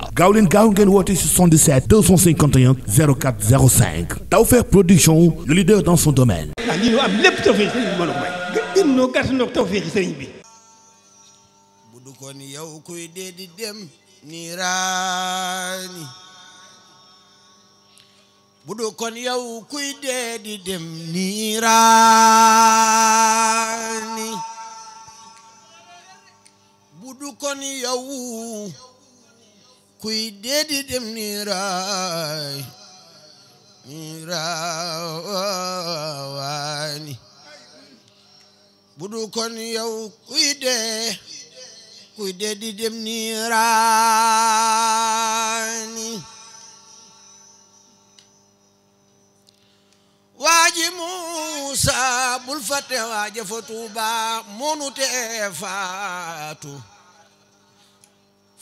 waaw gaaw leen gaaw ngeen woote 77 Production le leader dans son domaine. ah lii ñu am lépp tawfeex sëriñ bi bi. bu du kuy dee di dem niiraani kuy déedi dem ni raawaani bu du kon yow kuy dee kuy déedi dem ni raani waaji Muusa bul fàtte waaje fa Tuuba munu te faatu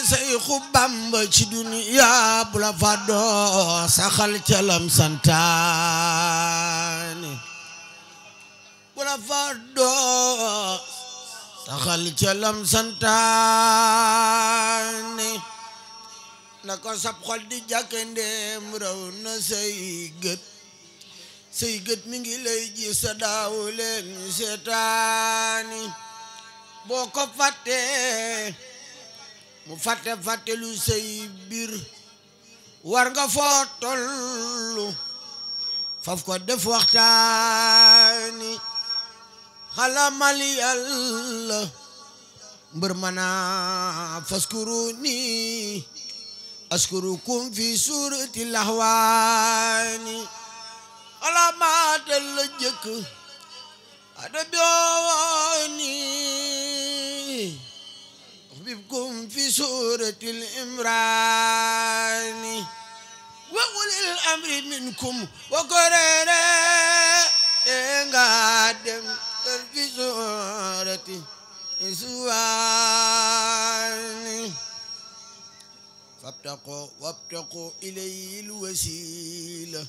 Seyxu Bamba ci duniya bu la fàddoo saxal ca lam santaane bu la fàddoo saxal ca lam santaane na ko sab xol di jàkke ndeem na say gët say gët mi ngi lay ji sa daaw seetaani boo ko fàttee mu fàtte fàtte lu sëy biir war nga foo tollu faf ko def waxtaani xalamal yàlla mbër mana faskuru ni askurukum fi suurati laxwaani xalamatal la jëkk ada bioo سورة الإمران وأولي الأمر منكم وقرانا إنقادم في سورة إسوان فابتقوا وابتقوا إليه الوسيلة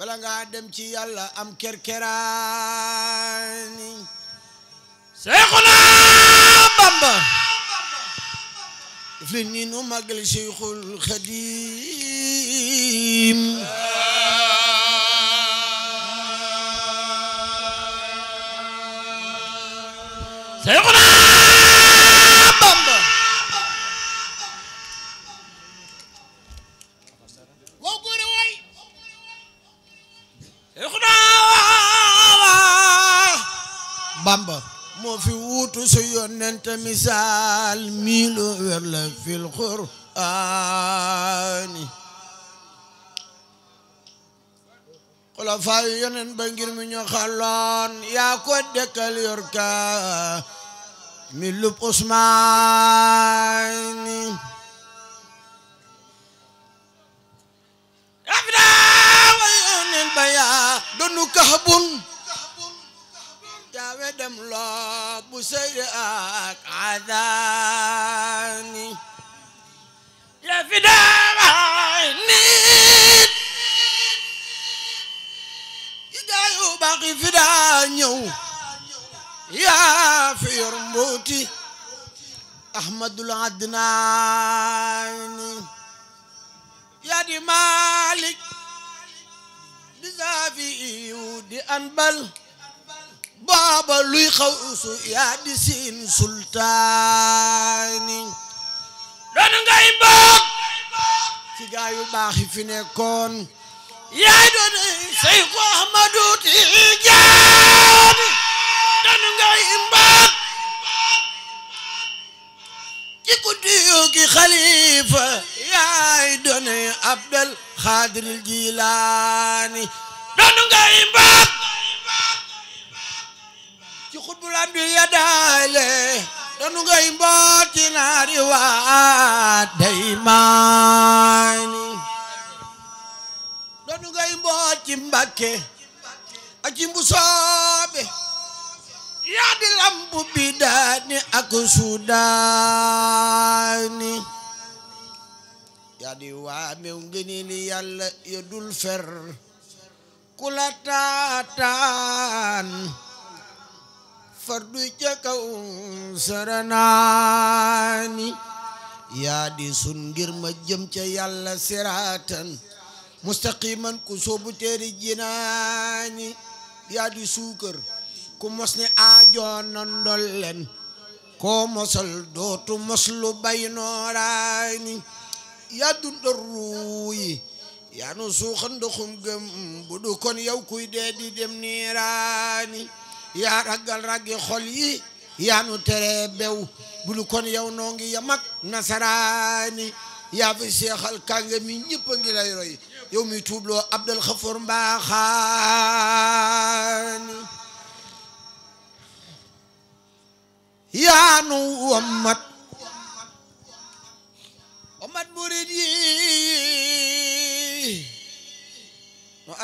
bala ngaa dem ci yàlla am kerkeraani seexuna bamba li ni nu màggal Cheikhul Khadim Seyxuna Bamba waaw góore waay Seyxuna Bamba moo fi wuutu su yonent misaal lu wér la fil qur'aani xulafaa yu yonent ba mi ñu xaloon yaa ko dekkal yor mi lub usmaani abdaa wa yonent ba yaa doonu kahbun dem loog bu sëy ak adaani ya fi daaway nit yi gaa yu baax yi fi daa ñëw yaa fi yor mbuuti ahmadul adnaani yaa di maalik di saafi yu di anbal baaba luy xawsu yaa sultaani doon ngay bokk ci gaa yu baax yi fi nekkoon yaa doon Seyku Ahmadu Tijaan doon ngay bokk ci guddi yu ki Jilaani doon ngay bokk lambi yadaale danu ngay mbooti waa daymaani danu ngay mbooti mbakke ak ci mbusoobe yaa bidaani ak sudaani yaa di waa mew ngëneeli yàlla ya dul fardu ca kaw saranaani yaa di sun ma jëm ca yàlla siratan mustaqiman ku soobu teeri jinaani yaa di suukar ku mos aajoona ndollen koo mosal dootu mos lu bay nooraani yaa dundal yaa nu suuxa ndoxum gëm bu du kon yow kuy dee di dem niiraani yaa raggal raggi xol yi yaa nu tere bew bulu kon yow noo ngi nasaraani yaa fi seexal kànga mi ñëpp a ngi lay roy yow mi tuubloo Abdul Xafoor Mbaaxaani yaa nu wammat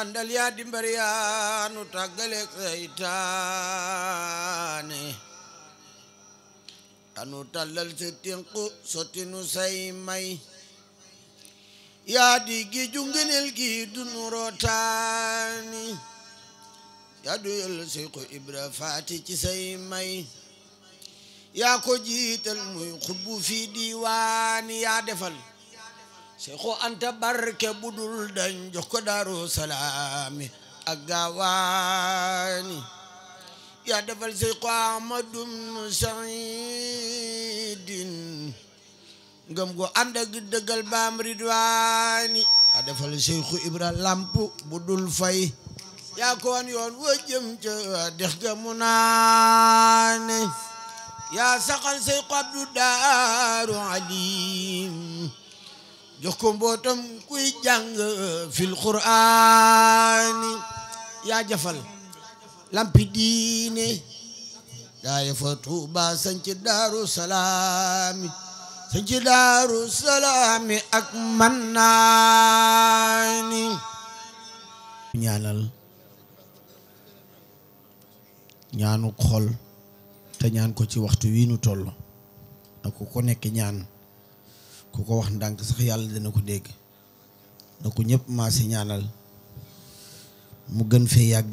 àndal yaa dimbar yaa nu tàggaleeg seytaane anu tàllal sa tinqu sotti nu say may yaa di gi junginel gi dunu rootaani yaa du yal say ko ibra faati ci say may yaa ko jiital muy xubbu fii diiwaani yaa defal Seexu Anta barke budul dañ jox ko Daaru Salaami gaawaani yaa defal Seexu Ahmadu Saydin ngëm gu ànd ak dëggal ridwaani yaa defal Seexu Ibra Lamp budul fay yaa ko wan yoon wa jëm ca ga mu yaa saxal Seexu Abdu Daaru Alim jox ko mbootam kuy jàng fil quraani yaa jafal lampi diine daaya fa tuuba sanc daaru salaami sanc daaru salaami ak mannaani ñaanal ñaanu xol te ñaan ko ci waxtu wii nu toll ko ko nekk ñaan ku ko wax ndànk sax yàlla dana ko dégg na ko ñëpp maa si ñaanal mu gën fee yàgg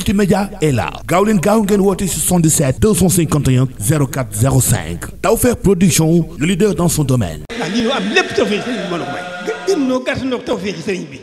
multimédia est là gaaw leen gaaw ngeen woote 77 251 04 05 Tawfekh Production le leader dans son domaine. ah lii am lépp tawfeex sëriñ bi mën a may. gën noo gàtt noo tawfeex sëriñ bi.